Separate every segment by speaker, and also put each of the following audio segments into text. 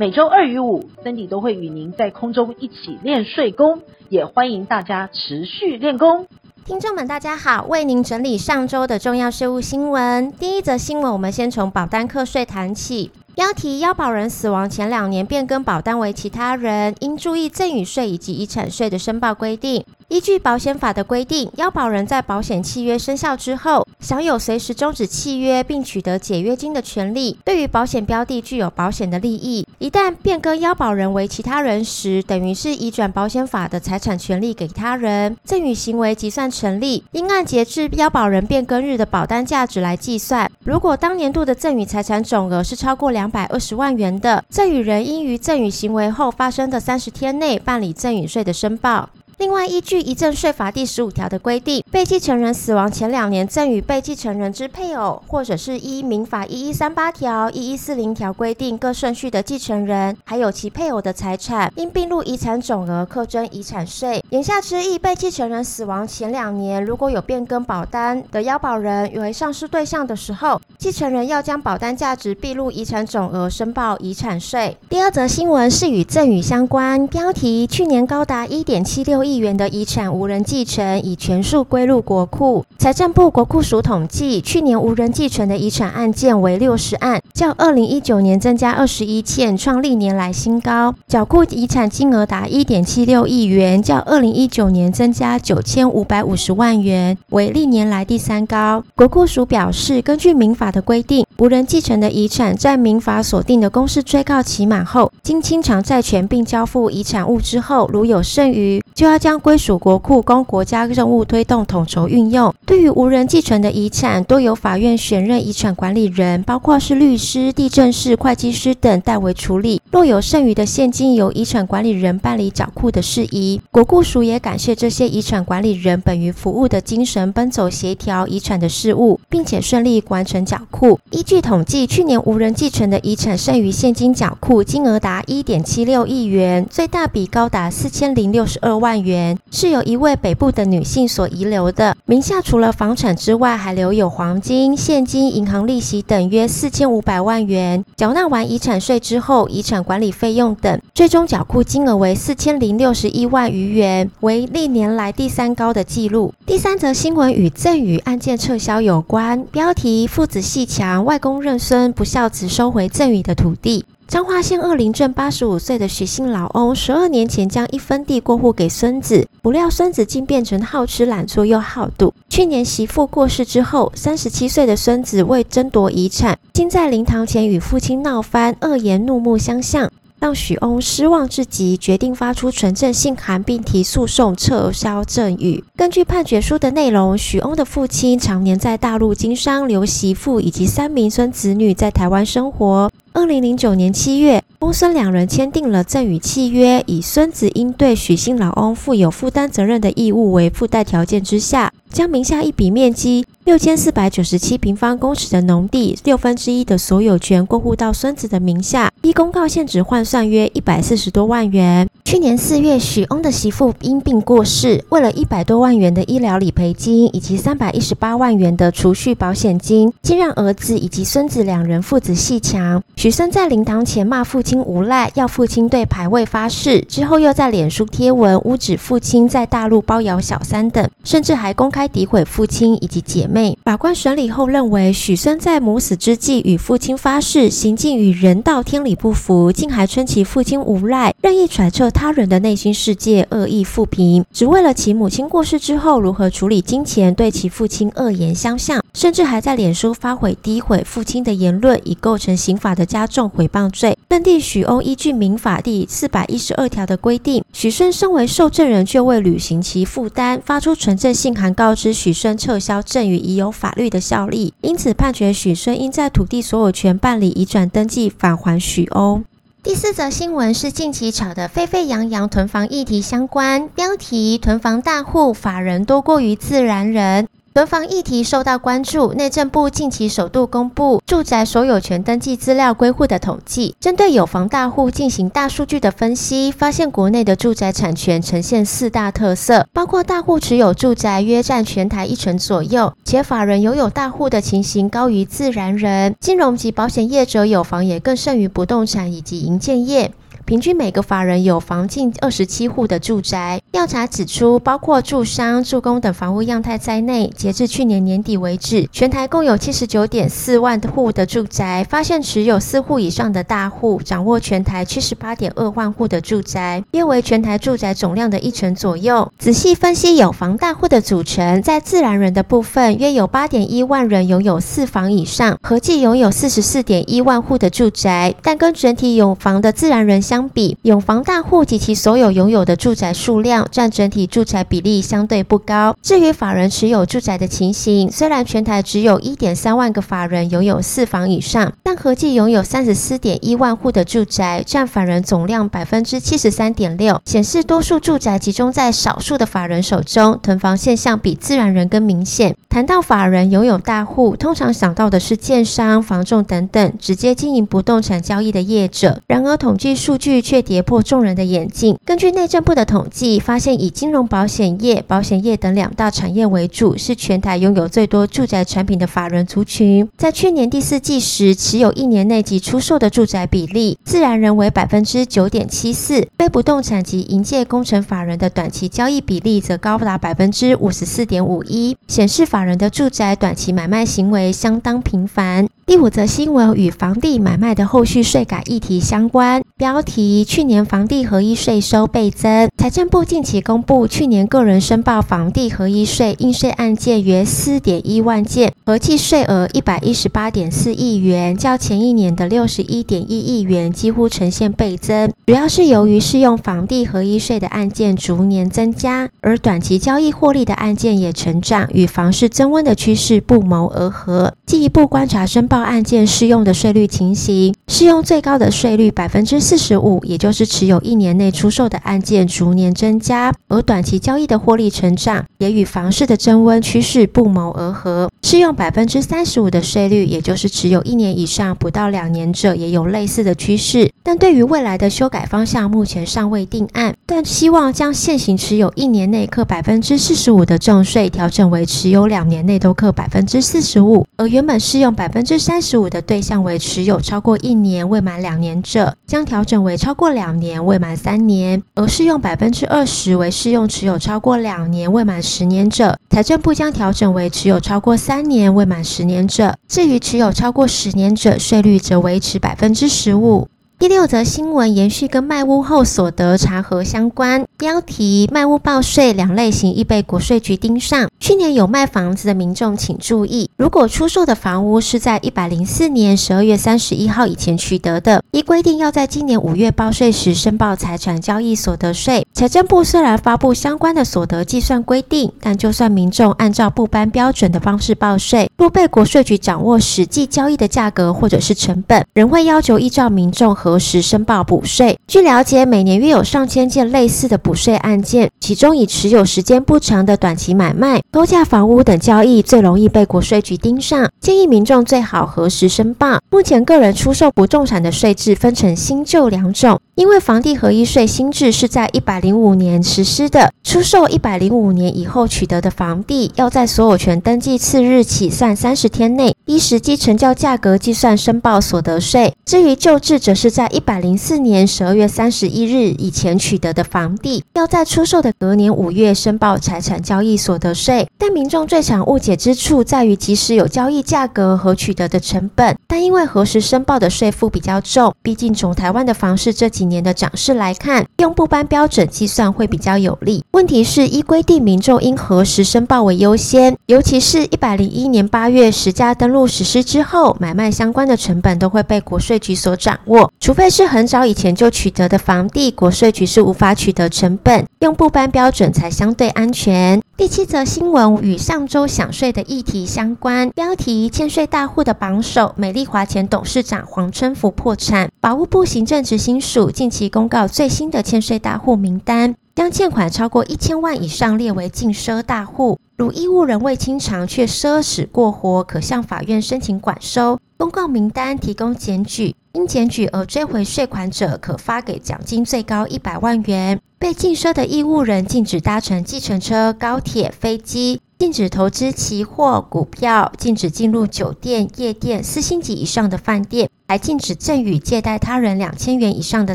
Speaker 1: 每週二與五，Cindy 都會與您在空中一起練稅功，也歡迎大家持續練功。聽眾們，大家好，為您整理上週的重要稅務新聞。第一則新聞，我們先從保單課稅談起。標題：要保人死亡前兩年變更保單為其他人，應注意贈與稅以及遺產稅的申報規定。依據保險法的規定，要保人在保險契約生效之後，享有隨時終止契約並取得解約金的權利。對於保險標的具有保險的利益，一旦變更要保人為其他人時，等於是移轉保險法的財產權利給他人，贈與行為即算成立，應按截至要保人變更日的保單價值來計算。如果當年度的贈與財產總額是超過兩百二十萬元的，贈與人應於贈與行為後發生的三十天內辦理贈與稅的申報。另外，依據《遺贈稅法》第十五條的規定，被繼承人死亡前兩年贈與被繼承人之配偶，或者是依《民法》一一三八條、一一四零條規定各順序的繼承人，還有其配偶的財產，應併入遺產總額，課徵遺產稅。言下之意，被繼承人死亡前兩年如果有變更保單的要保人，為上述對象的時候，繼承人要將保單價值併入遺產總額，申報遺產稅。第二則新聞是與贈與相關，標題：去年高達一點七六億。億元的遺產無人繼承，已全數歸入國庫。財政部國庫署統計，去年無人繼承的遺產案件為六十案，較二零一九年增加二十一件，創歷年來新高。繳庫遺產金額達一點七六億元，較二零一九年增加九千五百五十萬元，為歷年來第三高。國庫署表示，根據民法的規定。無人繼承的遺產，在民法所定的公示催告期滿後，經清償債權並交付遺產物之後，如有剩餘，就要將歸屬國庫，供國家任務推動統籌運用。對於無人繼承的遺產，多由法院選任遺產管理人，包括是律師、地政士、會計師等代為處理。若有剩餘的現金，由遺產管理人辦理繳庫的事宜。國庫署也感謝這些遺產管理人，本於服務的精神，奔走協調遺產的事務，並且順利完成繳庫。據統計，去年無人繼承的遺產剩餘現金繳庫金額達一點七六億元，最大筆高達四千零六十二萬元，是由一位北部的女性所遺留的。名下除了房產之外，還留有黃金、現金、銀行利息等約四千五百萬元。繳納完遺產稅之後，遺產管理費用等，最終繳庫金額為四千零六十一萬餘元，為歷年來第三高的記錄。第三則新聞與贈與案件撤銷有關，標題：父子鬩牆外。公認孫不孝子收回贈與的土地。彰化縣二林鎮八十五歲的徐姓老翁，十二年前將一分地過戶給孫子，不料孫子竟變成好吃懶做又好賭。去年媳婦過世之後，三十七歲的孫子為爭奪遺產，竟在靈堂前與父親鬧翻，惡言怒目相向。讓許翁失望至極，決定發出存證信函，並提訴訟撤銷贈與。根據判決書的內容，許翁的父親常年在大陸經商，留媳婦以及三名孫子女在台灣生活。二零零九年七月，公孫兩人簽訂了贈與契約，以孫子應對許姓老翁負有負擔責任的義務為附帶條件之下，將名下一筆面積六千四百九十七平方公尺的農地六分之一的所有權過戶到孫子的名下，依公告現值換算約一百四十多萬元。去年四月，許翁的媳婦因病過世，為了一百多萬元的醫療理賠金以及三百一十八萬元的儲蓄保險金，竟讓兒子以及孫子兩人父子鬩牆。許生在靈堂前罵父親無賴，要父親對牌位發誓，之後又在臉書貼文污指父親在大陸包養小三等，甚至還公開詆毀父親以及姐妹。法官審理後認為，許生在母死之際與父親發誓，行徑與人道天理不符，竟還稱其父親無賴，任意揣測他他人的內心世界惡意負評，只為了其母親過世之後如何處理金錢，對其父親惡言相向，甚至還在臉書發回詆毀父親的言論，已構成刑法的加重誹謗罪。認定許歐依據民法第四百一十二條的規定，許孫身為受贈人卻未履行其負擔，發出存證信函告知許孫撤銷贈與已有法律的效力，因此判決許孫應在土地所有權辦理移轉登記，返還許歐。第四則新聞是近期炒得沸沸揚揚囤房議題相關，標題：囤房大戶法人多過於自然人。囤房議題受到關注，內政部近期首度公布住宅所有權登記資料歸戶的統計，針對有房大戶進行大數據的分析，發現國內的住宅產權呈現四大特色，包括大戶持有住宅約佔全台一成左右，且法人擁有大戶的情形高於自然人，金融及保險業者有房也更勝於不動產以及營建業。平均每個法人有房近二十七戶的住宅。調查指出，包括住商、住工等房屋樣態在內，截至去年年底為止，全台共有七十九點四萬戶的住宅，發現持有四戶以上的大戶，掌握全台七十八點二萬戶的住宅，約為全台住宅總量的一成左右。仔細分析有房大戶的組成，在自然人的部分，約有八點一萬人擁有四房以上，合計擁有四十四點一萬戶的住宅，但跟整體有房的自然人相。相比，有房大戶及其所有擁有的住宅數量占整體住宅比例相對不高。至於法人持有住宅的情形，雖然全台只有一點三萬個法人擁有四房以上，但合計擁有三十四點一萬戶的住宅，占法人總量百分之七十三點六，顯示多數住宅集中在少數的法人手中，囤房現象比自然人更明顯。談到法人擁有大戶，通常想到的是建商、房仲等等直接經營不動產交易的業者。然而統計數據。卻跌破眾人的眼鏡。根據內政部的統計，發現以金融保險業、保險業等兩大產業為主，是全台擁有最多住宅產品的法人族群。在去年第四季時，持有一年內即出售的住宅比例，自然人為百分之九點七四；非不動產及營建工程法人的短期交易比例，則高達百分之五十四點五一，顯示法人的住宅短期買賣行為相當頻繁。第五則新聞與房地買賣的後續稅改議題相關。標題：去年房地合一稅收倍增。財政部近期公布，去年個人申報房地合一稅應稅案件約四點一萬件，合計稅額一百一十八點四億元，較前一年的六十一點一億元幾乎呈現倍增。主要是由於適用房地合一稅的案件逐年增加，而短期交易獲利的案件也成長，與房市增溫的趨勢不謀而合。進一步觀察申報案件適用的稅率情形，適用最高的稅率百分之。四十五，也就是持有一年內出售的案件逐年增加，而短期交易的獲利成長也與房市的增溫趨勢不謀而合。適用百分之三十五的稅率，也就是持有一年以上不到兩年者，也有類似的趨勢。但對於未來的修改方向，目前尚未定案。但希望將現行持有一年內課百分之四十五的重稅調整為持有兩年內都課百分之四十五，而原本適用百分之三十五的對象為持有超過一年未滿兩年者，將調整為超過兩年未滿三年；而適用百分之二十為適用持有超過兩年未滿十年者，財政部將調整為持有超過三年未滿十年者。至於持有超過十年者，稅率則維持百分之十五。第六則新聞延續跟賣屋後所得查核相關。標題賣屋報稅兩類型易被國稅局盯上。去年有賣房子的民眾請注意，如果出售的房屋是在一百零四年十二月三十一號以前取得的，依規定要在今年五月報稅時申報財產交易所得稅。財政部雖然發布相關的所得計算規定，但就算民眾按照部頒標準的方式報稅，若被國稅局掌握實際交易的價格或者是成本，仍會要求依照民眾和核實申報補稅。據了解，每年約有上千件類似的補稅案件，其中以持有時間不長的短期買賣、高價房屋等交易最容易被國稅局盯上。建議民眾最好核實申報。目前，個人出售不動產的稅制分成新舊兩種，因為房地合一稅新制是在一百零五年實施的，出售一百零五年以後取得的房地，要在所有權登記次日起算三十天內，依實際成交價格計算申報所得稅。至於舊制，則是在在一百零四年十二月三十一日以前取得的房地，要在出售的隔年五月申報財產交易所得稅。但民眾最常誤解之處在於，即使有交易價格和取得的成本，但因為核實申報的稅負比較重，畢竟從台灣的房市這幾年的漲勢來看，用部頒標準計算會比較有利。問題是依規定，民眾應核實申報為優先，尤其是一百零一年八月實價登錄實施之後，買賣相關的成本都會被國稅局所掌握。除非是很早以前就取得的房地，國稅局是無法取得成本，用部頒標準才相對安全。第七則新聞與上周享稅的議題相關，標題：欠稅大戶的榜首。美麗華前董事長黃春福破產。法務部行政執行署近期公告最新的欠稅大戶名單，將欠款超過一千萬以上列為禁奢大戶。如義務人未清償卻奢侈過活，可向法院申請管收。公告名單提供檢舉。因檢舉而追回稅款者，可發給獎金，最高一百萬元。被禁奢的義務人，禁止搭乘計程車、高鐵、飛機，禁止投資期貨、股票，禁止進入酒店、夜店、四星級以上的飯店，還禁止贈與、借貸他人兩千元以上的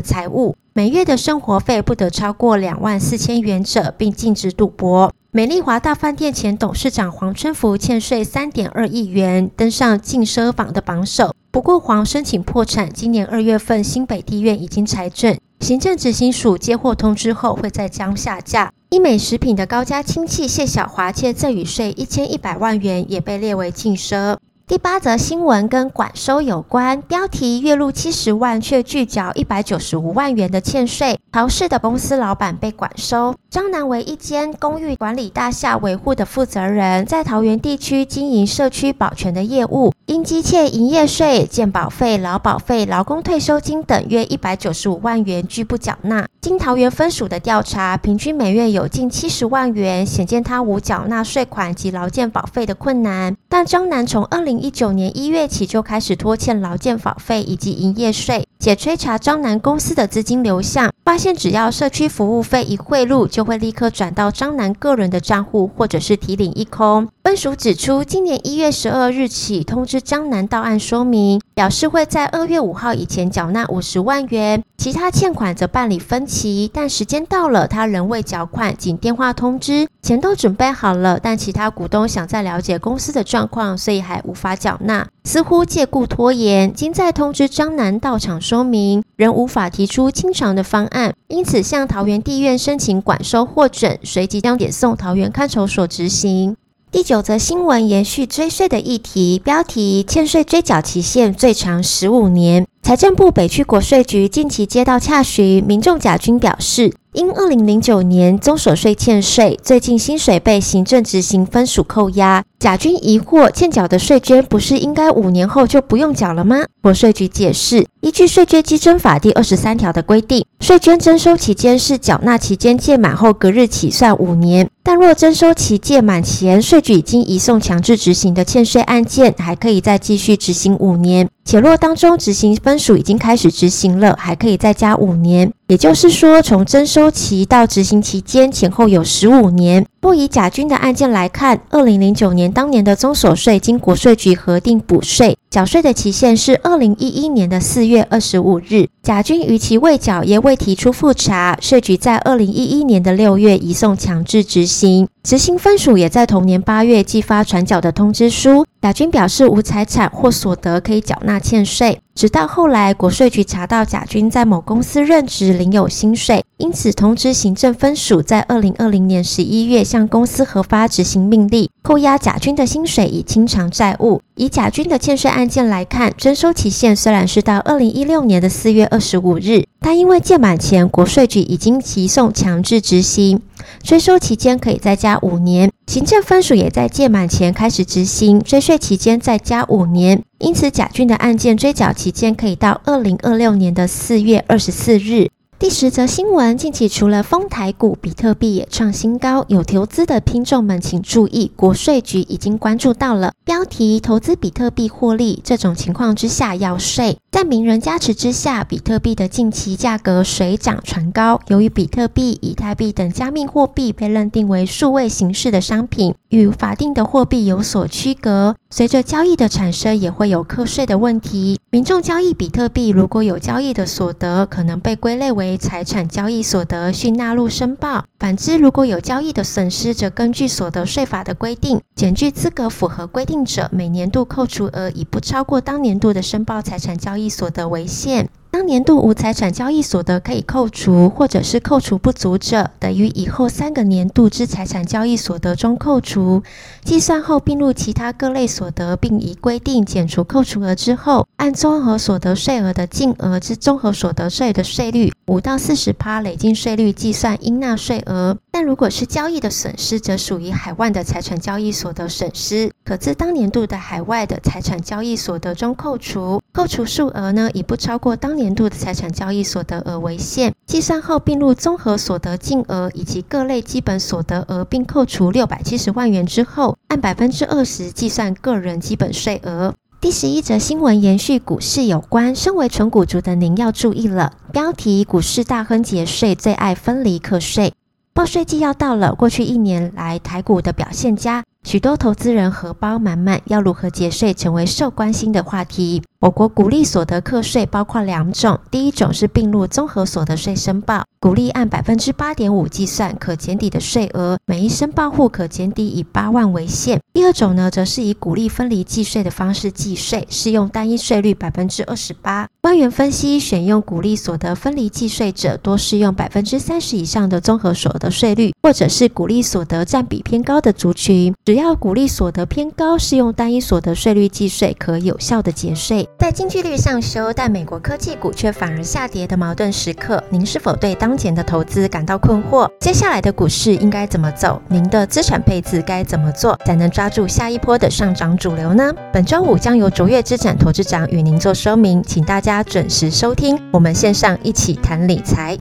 Speaker 1: 財物。每月的生活費不得超過兩萬四千元者，並禁止賭博。美麗華大飯店前董事長黃春福欠稅三點二億元，登上禁奢榜的榜首。不過黃申請破產，今年二月份新北地院已經裁定，行政執行署接獲通知後，會再將下架。義美食品的高家親戚謝小華欠贈與稅一千一百萬元，也被列為禁奢。第八則新聞，跟管收有關。標題：月入七十萬卻拒繳一百九十五萬元的欠稅，桃市的公司老板被管收。張楠為一間公寓管理大廈維護的負責人，在桃園地區經營社區保全的業務，因積欠營業稅、健保費、勞保費、勞工退休金等約一百九十五萬元，拒不繳納。經桃園分署的調查，平均每月有近七十萬元，顯見他無繳納稅款及勞健保費的困難。但張楠從二零一九年一月起就開始拖欠勞健保費以及營業稅，且追查張楠公司的資金流向，發現只要社區服務費一匯入，就會立刻轉到張楠個人的賬戶，或者是提領一空。分署指出，今年一月十二日起通知張楠到案說明，表示會在二月五號以前繳納五十萬元，其他欠款則辦理分期，但時間到了，他仍未繳款，僅電話通知，錢都準備好了，但其他股東想再了解公司的狀況，所以還無法。法繳納，似乎借故拖延，今再通知張男到場說明，仍無法提出清償的方案，因此向桃園地院申請管收獲准，隨即將點送桃園看守所執行。第九則新聞延續追稅的議題，標題：欠稅追繳期限最長十五年。財政部北區國稅局近期接到洽詢，民眾甲君表示，因二零零九年綜所稅欠稅，最近薪水被行政執行分署扣押。甲君疑惑，欠繳的稅捐不是應該五年後就不用繳了嗎？國稅局解釋，依據《稅捐稽徵法》第二十三條的規定。稅捐徵收期間是繳納期間屆滿後隔日起算五年，但若徵收期屆滿前稅局已經移送強制執行的欠稅案件，還可以再繼續執行五年；且若當中執行分署已經開始執行了，還可以再加五年。也就是說，從徵收期到執行期間前後有十五年。不以甲君的案件來看，二零零九年當年的綜所稅經國稅局核定補稅。繳稅的期限是二零一一年的四月二十五日，甲君逾期未繳，也未提出複查，稅局在二零一一年的六月移送強制執行。執行分署也在同年八月寄發傳繳的通知書。甲君表示無財產或所得可以繳納欠稅，直到後來國稅局查到甲君在某公司任職，領有薪水，因此通知行政分署在二零二零年十一月向公司核發執行命令，扣押甲君的薪水以清償債務。以甲君的欠稅案件來看，徵收期限雖然是到二零一六年的四月二十五日，但因為屆滿前國稅局已經移送強制執行，追收期間可以再加五年，行政分署也在屆滿前開始執行，追稅期間再加五年，因此甲君的案件追繳期間可以到二零二六年的四月二十四日。第十則新聞，近期除了豐台股，比特幣也創新高。有投資的聽眾們，請注意，國稅局已經關注到了標題“投資比特幣獲利”這種情況之下要稅。在名人加持之下，比特幣的近期價格水漲船高。由於比特幣、以太幣等加密貨幣被認定為數位形式的商品，與法定的貨幣有所區隔，隨着交易的產生，也會有課稅的問題。民眾交易比特幣，如果有交易的所得，可能被歸類為。財產交易所得，需納入申報。反之，如果有交易的損失，則根據所得稅法的規定，檢具資格符合規定者，每年度扣除額以不超過當年度的申報財產交易所得為限。當年度無財產交易所得可以扣除，或者是扣除不足者，得於以後三個年度之財產交易所得中扣除，計算後併入其他各類所得，並依規定減除扣除額之後，按綜合所得稅額的淨額之綜合所得稅的稅率五到四十趴累進稅率計算應納稅額。但如果是交易的損失，則屬於海外的財產交易所得損失，可自當年度的海外的財產交易所得中扣除。扣除數額呢，以不超過當年度的財產交易所得額為限，計算後併入綜合所得淨額以及各類基本所得額，並扣除六百七十萬元之後，按百分之二十計算個人基本稅額。第十一則新聞延續股市有關，身為存股族的您要注意了。標題：股市大亨節稅最愛分離課稅。報稅季要到了，過去一年來台股的表現佳，許多投資人荷包滿滿，要如何節稅成為受關心的話題。我國股利所得課稅包括兩種，第一種是併入綜合所得稅申報，股利按百分之八點五計算可減抵的稅額，每一申報戶可減抵以八萬為限。第二種呢，則是以股利分離計稅的方式計稅，適用單一稅率百分之二十八。官員分析，選用股利所得分離計稅者，多適用百分之三十以上的綜合所得稅率，或者是股利所得占比偏高的族群。只要股利所得偏高，適用單一所得稅率計稅，可有效的節稅。在經濟率上修，但美國科技股卻反而下跌的矛盾時刻，您是否對當前的投資感到困惑？接下來的股市應該怎麼走？您的資產配置該怎麼做才能抓住下一波的上漲主流呢？本週五將由卓越資產投資長與您做說明，請大家準時收聽，我們線上一起談理財。